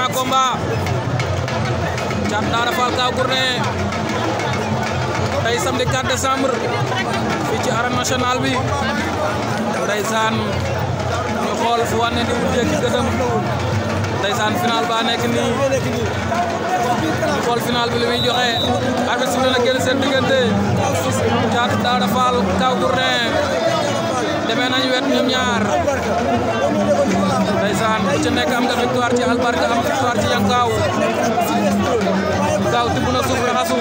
grand combat Thiatou Daouda Fall Kaw Gourdin tey samedi 4 décembre fii ci bi ndeysaan ñu xool fu wane di wujjee ki gëdëm ndeysaan final ba nekk nii ñu xool final bi li muy joxe arbitre bi na génn seen diggante Thiatou Daouda Fall Kaw demee nañ wet ñoom ñaar ndeysaan ku ci nekk am nga victoire ci albarka am victoire ci yankaaw gaaw tibb na suuf raxasu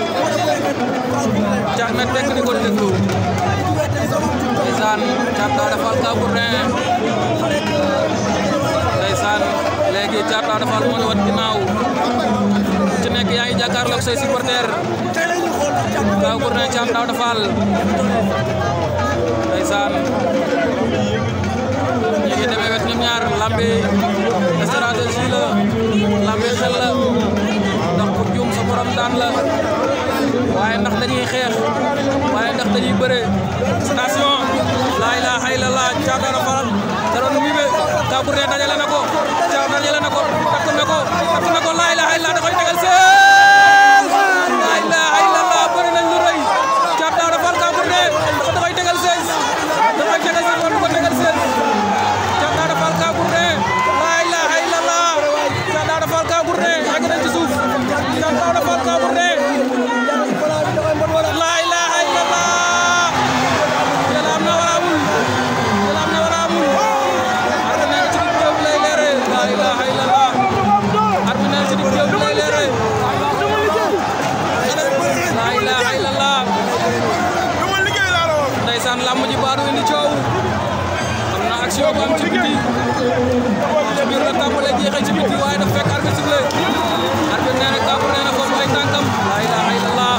cax na tekk di ko déglu ndeysaan cax daa defal kaw ku ne ndeysaan léegi cax daa defal moo ñu wat ginnaaw ku ci nekk yaa ngi jàkkaarloog say supporter kaw ku ne cax daa defal ndeysaan ñu la ilaaha illallaah caatara faral da doon wibe tabur ne dajale na ko caatara dajale ko takk ko action ci biti ci biir la tàmbalee jeexee ci biti waaye dafa fekk arbitre sifflé arbitre nee na kàmb nee na foofu ay tànkam la ilaha illallah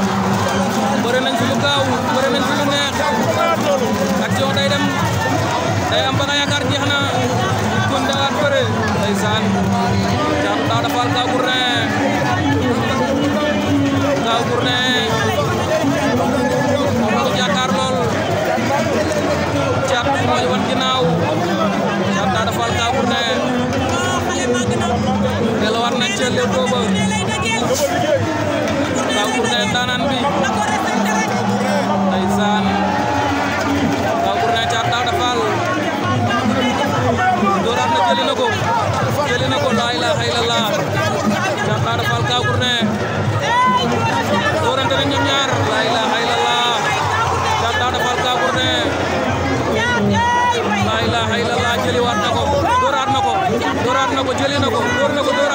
bëri nañ fi lu gaaw bëri nañ fi lu dem day am ba nga yaakaar jeex na kon dawaat bëre ndeysaan jaaxu daaw dafa jëlee na ko door na ko door